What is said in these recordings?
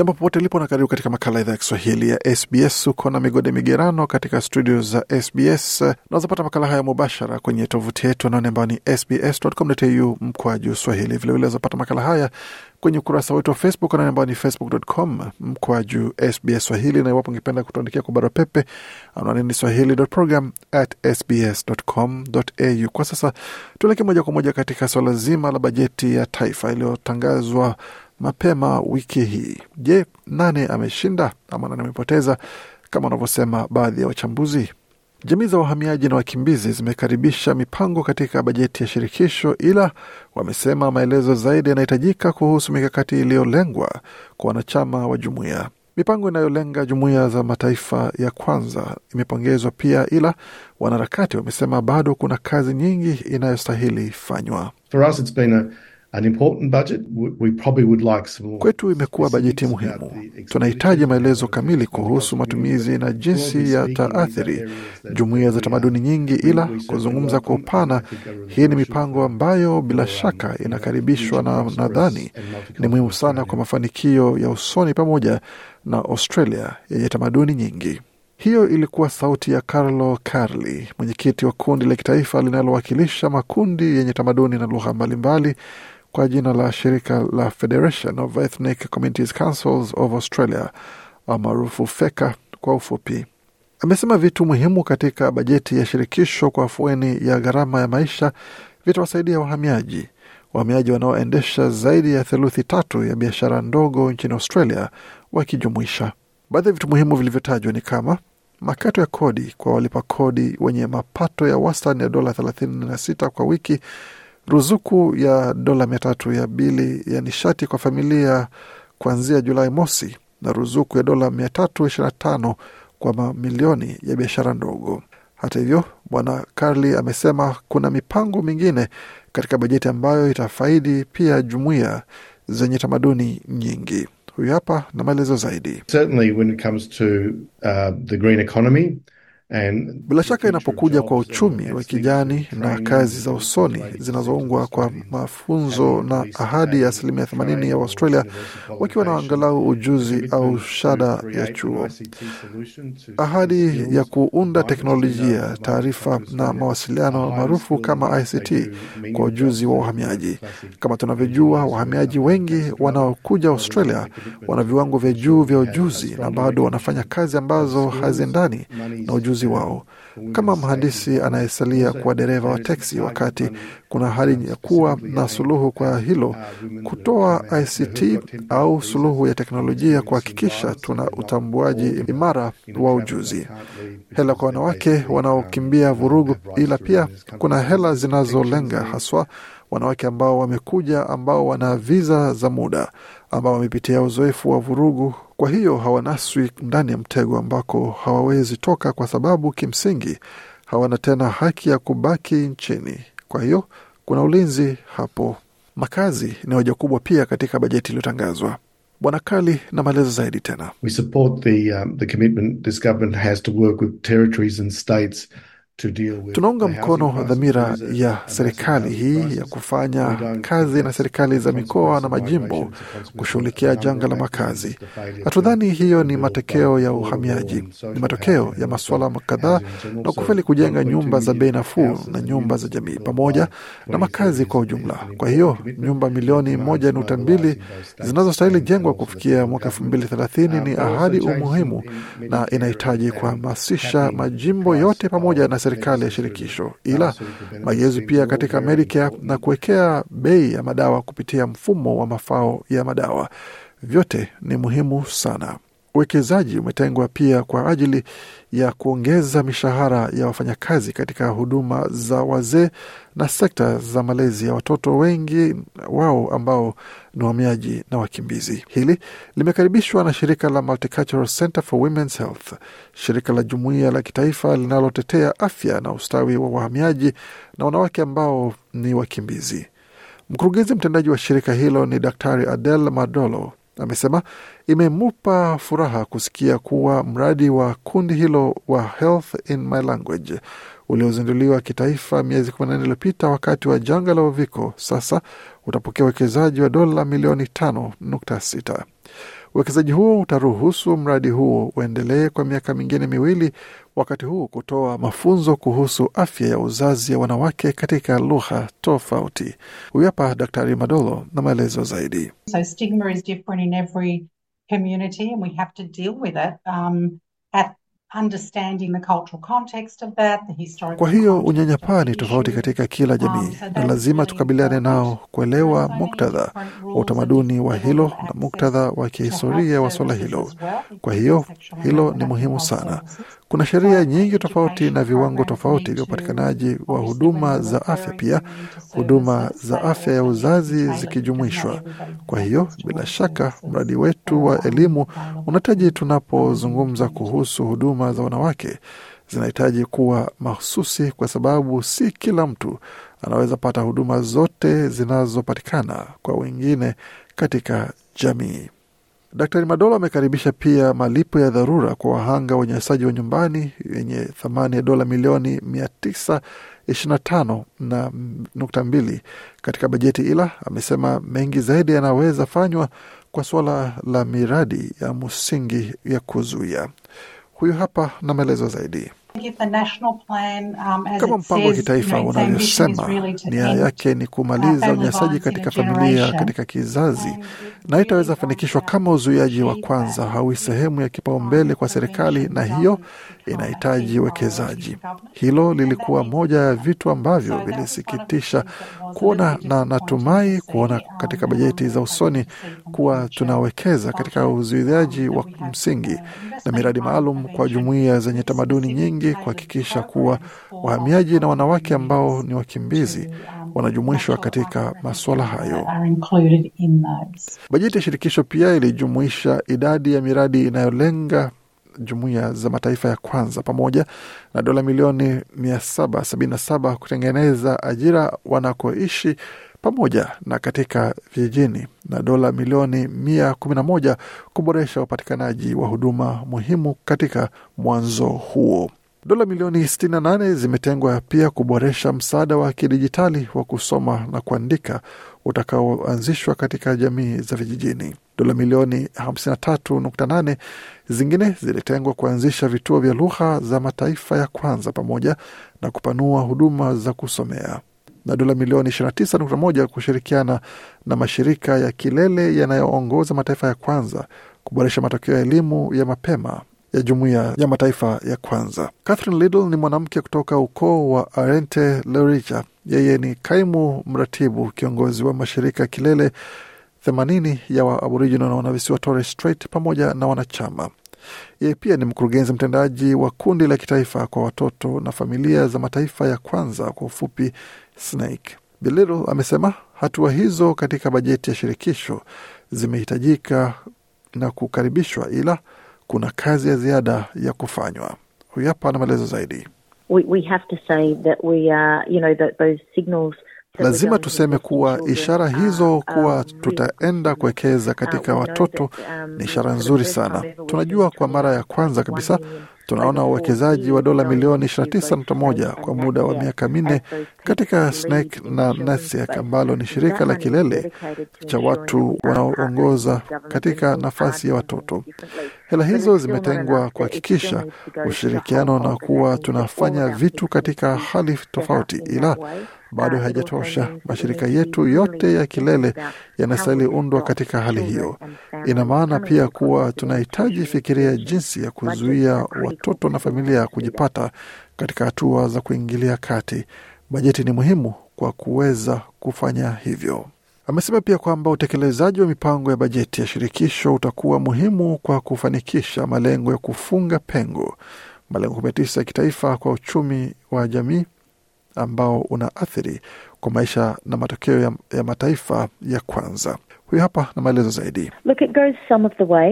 Jambo popote lipo na karibu katika makala idhaa ya Kiswahili ya SBS. Uko na migode migerano katika studio za SBS. Unawezapata makala haya mubashara kwenye tovuti yetu anaone ambayo ni sbs.com.au mkwaju swahili. Vilevile unawezapata makala haya kwenye ukurasa wetu wa Facebook anaone ambayo ni facebook.com mkwaju SBS Swahili, na iwapo ungependa kutuandikia kwa barua pepe anaone ni swahili.program@sbs.com.au. Kwa sasa tuelekee moja kwa moja katika swala zima la bajeti ya taifa iliyotangazwa mapema wiki hii. Je, nane ameshinda ama nane amepoteza kama wanavyosema baadhi ya wachambuzi? Jamii za wahamiaji na wakimbizi zimekaribisha mipango katika bajeti ya shirikisho, ila wamesema maelezo zaidi yanahitajika kuhusu mikakati iliyolengwa kwa wanachama wa jumuiya. Mipango inayolenga jumuiya za mataifa ya kwanza imepongezwa pia, ila wanaharakati wamesema bado kuna kazi nyingi inayostahili fanywa. For us it's been a... Kwetu imekuwa bajeti muhimu. Tunahitaji maelezo kamili kuhusu matumizi na jinsi yataathiri jumuiya za tamaduni nyingi, ila kuzungumza kwa upana, hii ni mipango ambayo bila shaka inakaribishwa na nadhani ni muhimu sana kwa mafanikio ya usoni pamoja na Australia yenye tamaduni nyingi. Hiyo ilikuwa sauti ya Carlo Carli, mwenyekiti wa kundi la kitaifa linalowakilisha makundi yenye tamaduni na lugha mbalimbali kwa jina la shirika la Federation of Ethnic Communities Councils of Australia almaarufu FECA kwa ufupi. Amesema vitu muhimu katika bajeti ya shirikisho kwa afueni ya gharama ya maisha vitawasaidia wahamiaji wahamiaji wanaoendesha zaidi ya theluthi tatu ya biashara ndogo nchini Australia wakijumuisha. Baadhi ya vitu muhimu vilivyotajwa ni kama makato ya kodi kwa walipa kodi wenye mapato ya wastani ya dola 36 kwa wiki ruzuku ya dola mia tatu ya bili ya nishati kwa familia kuanzia Julai mosi na ruzuku ya dola tano kwa mamilioni ya biashara ndogo. Hata hivyo, Bwana Karli amesema kuna mipango mingine katika bajeti ambayo itafaidi pia jumuiya zenye tamaduni nyingi. Huyu hapa na maelezo zaidi. Certainly when it comes to, uh, the green economy bila shaka inapokuja kwa uchumi wa kijani na kazi za usoni zinazoungwa kwa mafunzo na ahadi ya asilimia themanini ya Waustralia wakiwa na angalau ujuzi au shada ya chuo, ahadi ya kuunda teknolojia taarifa na mawasiliano maarufu kama ICT kwa ujuzi wa uhamiaji. Kama tunavyojua, wahamiaji wengi wanaokuja Australia wana viwango vya juu vya ujuzi na bado wanafanya kazi ambazo haziendani na ujuzi ujuzi wao. Kama mhandisi anayesalia kuwa dereva wa teksi, wakati kuna hali ya kuwa na suluhu kwa hilo, kutoa ICT au suluhu ya teknolojia kuhakikisha tuna utambuaji imara wa ujuzi. Hela kwa wanawake wanaokimbia vurugu, ila pia kuna hela zinazolenga haswa wanawake ambao wamekuja ambao wana viza za muda ambao wamepitia uzoefu wa vurugu, kwa hiyo hawanaswi ndani ya mtego ambako hawawezi toka, kwa sababu kimsingi hawana tena haki ya kubaki nchini. Kwa hiyo kuna ulinzi hapo. Makazi ni hoja kubwa pia katika bajeti iliyotangazwa. Bwana Kali na maelezo zaidi tena. We support the, um, the commitment this government has to work with territories and states Tunaunga mkono dhamira ya serikali hii ya kufanya kazi na serikali za mikoa na majimbo kushughulikia janga la makazi. Hatudhani hiyo ni matokeo ya uhamiaji, ni matokeo ya masuala kadhaa, na kufeli kujenga nyumba za bei nafuu na nyumba za jamii pamoja na makazi kwa ujumla. Kwa hiyo nyumba milioni moja nukta mbili zinazostahili jengwa kufikia mwaka elfu mbili thelathini ni ahadi umuhimu na inahitaji kuhamasisha majimbo yote pamoja na serikali ya shirikisho, ila mageuzi pia katika Medicare na kuwekea bei ya madawa kupitia mfumo wa mafao ya madawa, vyote ni muhimu sana uwekezaji umetengwa pia kwa ajili ya kuongeza mishahara ya wafanyakazi katika huduma za wazee na sekta za malezi ya watoto, wengi wao ambao ni wahamiaji na wakimbizi. Hili limekaribishwa na shirika la Multicultural Center for Women's Health, shirika la jumuiya la kitaifa linalotetea afya na ustawi wa wahamiaji na wanawake ambao ni wakimbizi. Mkurugenzi mtendaji wa shirika hilo ni Daktari Adel Madolo amesema imemupa furaha kusikia kuwa mradi wa kundi hilo wa Health in My Language uliozinduliwa kitaifa miezi 14 iliyopita wakati wa janga la uviko sasa utapokea uwekezaji wa dola milioni 5.6. Uwekezaji huo utaruhusu mradi huo uendelee kwa miaka mingine miwili, wakati huu kutoa mafunzo kuhusu afya ya uzazi ya wanawake katika lugha tofauti. Huyu hapa Daktari Madolo na maelezo zaidi. So kwa hiyo unyanyapaa ni tofauti katika kila um, jamii, na lazima tukabiliane nao, kuelewa muktadha wa utamaduni wa hilo na muktadha wa kihistoria wa suala hilo. Kwa hiyo hilo ni muhimu sana. Kuna sheria nyingi tofauti na viwango tofauti vya upatikanaji wa huduma za afya, pia huduma za afya ya uzazi zikijumuishwa. Kwa hiyo bila shaka mradi wetu wa elimu unahitaji, tunapozungumza kuhusu huduma za wanawake zinahitaji kuwa mahususi, kwa sababu si kila mtu anaweza pata huduma zote zinazopatikana kwa wengine katika jamii. Daktari Madola amekaribisha pia malipo ya dharura kwa wahanga wanyanyasaji wa nyumbani yenye thamani ya dola milioni 925 na nukta mbili katika bajeti, ila amesema mengi zaidi yanaweza fanywa kwa suala la miradi ya msingi ya kuzuia. Huyu hapa na maelezo zaidi. Um, kama mpango wa kitaifa unavyosema, nia yake ni uh, kumaliza unyanyasaji katika familia katika kizazi, na itaweza fanikishwa kama uzuiaji wa kwanza hawi sehemu ya kipaumbele kwa serikali, na hiyo inahitaji uwekezaji. Hilo lilikuwa moja ya vitu ambavyo vilisikitisha kuona, na natumai kuona katika bajeti za usoni kuwa tunawekeza katika uzuiliaji wa msingi na miradi maalum kwa jumuiya zenye tamaduni nyingi kuhakikisha kuwa wahamiaji na wanawake ambao ni wakimbizi wanajumuishwa katika masuala hayo. Bajeti ya shirikisho pia ilijumuisha idadi ya miradi inayolenga jumuiya za mataifa ya kwanza pamoja na dola milioni 777 kutengeneza ajira wanakoishi pamoja na katika vijijini na dola milioni 111 kuboresha upatikanaji wa huduma muhimu katika mwanzo huo. Dola milioni 68 zimetengwa pia kuboresha msaada wa kidijitali wa kusoma na kuandika utakaoanzishwa katika jamii za vijijini dola milioni 53.8. Zingine zilitengwa kuanzisha vituo vya lugha za mataifa ya kwanza pamoja na kupanua huduma za kusomea na dola milioni 29.1 kushirikiana na mashirika ya kilele yanayoongoza mataifa ya kwanza kuboresha matokeo ya elimu ya mapema ya jumuiya ya mataifa ya kwanza. Catherine Liddle ni mwanamke kutoka ukoo wa Arente Loricha. Yeye ni kaimu mratibu kiongozi wa mashirika ya kilele themanini ya Waaboriginal na wanavisiwa Torres Strait pamoja na wanachama. Yeye pia ni mkurugenzi mtendaji wa kundi la kitaifa kwa watoto na familia za mataifa ya kwanza, kwa ufupi SNAIC. Bilil amesema hatua hizo katika bajeti ya shirikisho zimehitajika na kukaribishwa, ila kuna kazi ya ziada ya kufanywa. Huyu hapa ana maelezo zaidi. We, we have to say that we are, you know, that those signals Lazima tuseme kuwa ishara hizo kuwa tutaenda kuwekeza katika watoto ni ishara nzuri sana. Tunajua kwa mara ya kwanza kabisa tunaona uwekezaji wa dola milioni 29.1 kwa muda wa miaka minne katika SNCC na NACEC ambalo ni shirika la kilele cha watu wanaoongoza katika nafasi ya watoto. Hela hizo zimetengwa kuhakikisha ushirikiano na kuwa tunafanya vitu katika hali tofauti, ila bado haijatosha. Mashirika yetu yote ya kilele yanastahili undwa katika hali hiyo. Ina maana pia kuwa tunahitaji fikiria jinsi ya kuzuia watoto na familia kujipata katika hatua za kuingilia kati. Bajeti ni muhimu kwa kuweza kufanya hivyo. Amesema pia kwamba utekelezaji wa mipango ya bajeti ya shirikisho utakuwa muhimu kwa kufanikisha malengo ya kufunga pengo, malengo 19 ya kitaifa kwa uchumi wa jamii ambao unaathiri kwa maisha na matokeo ya, ya mataifa ya kwanza. Huyu hapa na maelezo zaidi. Look, it goes some of the way,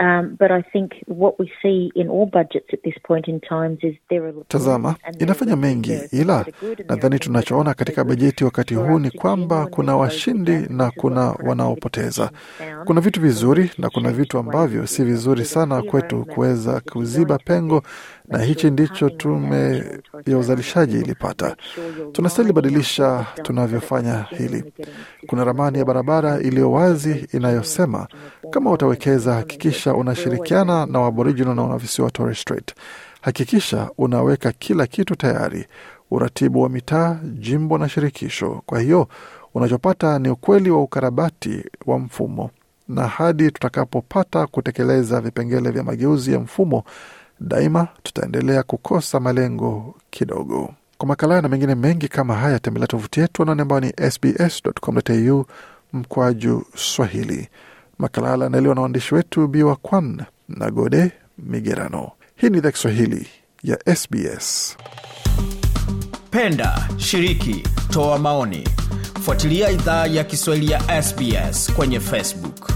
um, but I think what we see in all budgets at this point in time is there are... Tazama, inafanya mengi, ila nadhani tunachoona katika bajeti wakati huu ni kwamba kuna washindi na kuna wanaopoteza. Kuna vitu vizuri na kuna vitu ambavyo si vizuri sana kwetu kuweza kuziba pengo, na hichi ndicho tume ya uzalishaji ilipata. Tunastahili badilisha tunavyofanya hili. Kuna ramani ya barabara iliyo wazi inayosema kama utawekeza, hakikisha unashirikiana na Waborijini na wanavisiwa Torres Strait. Hakikisha unaweka kila kitu tayari, uratibu wa mitaa, jimbo na shirikisho. Kwa hiyo unachopata ni ukweli wa ukarabati wa mfumo, na hadi tutakapopata kutekeleza vipengele vya mageuzi ya mfumo, daima tutaendelea kukosa malengo kidogo. Kwa makala na mengine mengi kama haya, tembelea tovuti yetu anaone ambao ni sbs.com.au mkwaju Swahili. Makala alaandaliwa na waandishi wetu Biwa Kwan na Gode Migerano. Hii ni idhaa Kiswahili ya SBS. Penda, shiriki, toa maoni, fuatilia idhaa ya Kiswahili ya SBS kwenye Facebook.